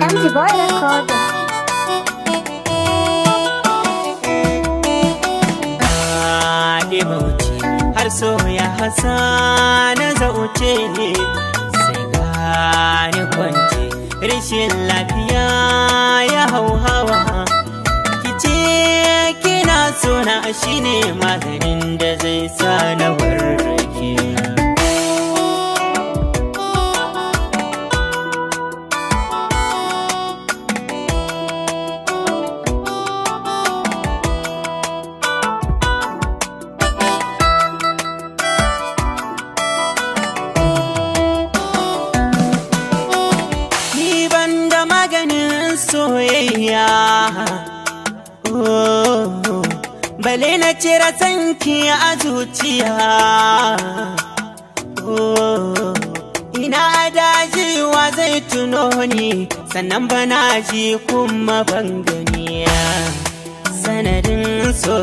MD Boy Records. har so ya hasa na zauce sai gani kwance rashin lafiya ya hau hawa kice kina suna shine maganin Oh, bale na cire sanki a zuciya oh, ina daji wa zai tuno ni sannan bana ji kuma ban gani sanadin so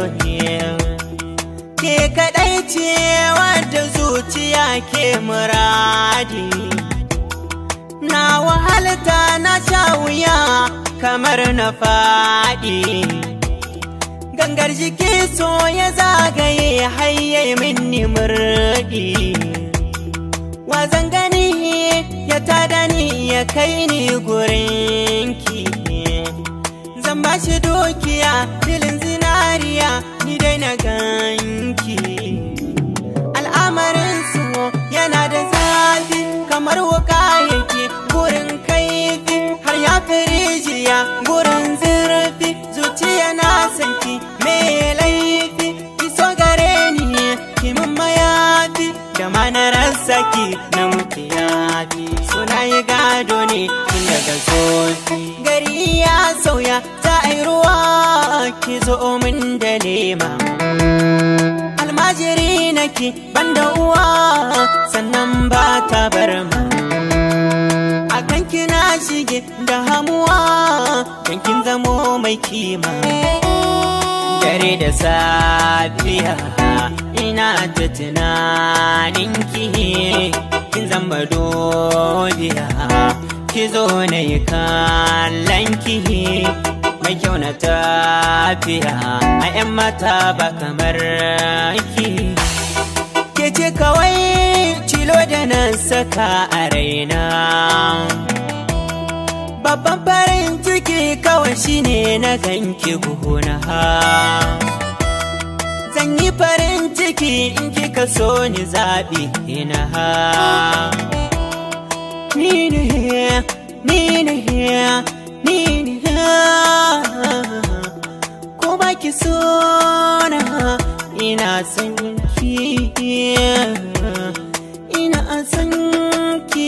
ke kaɗai ce wadda zuciya ke muradi na wahalta na sha wuya kamar na faɗi gangar jiki so ya zagaye haye minni murɗi wazan gani ya tada ni ya kai ni gurinki zan ba shi dukiya filin zinariya ni dai na ganki al'amarin su yana da zafi kamar wukayen baki na mutu suna yi gado ne tun daga zofi gari ya sauya ta a yi ruwa ki zo min da nema almajiri ban da uwa sannan ba ta bar ma akan kina shige da hamuwa yankin zamo mai kima dare da safiya ina ta tunanin ki kin zama dodiya ki zo na yi kallon mai kyau na tafiya a 'yan mata ba kamar ki ke ce kawai cilo da nan saka a raina babban farin shi ne na ganki buhuna ha zan yi farin ciki in kika so ni zaɓi ina ha ni ne ni ne ni ne ko ba ki so na ina son ki ina son ki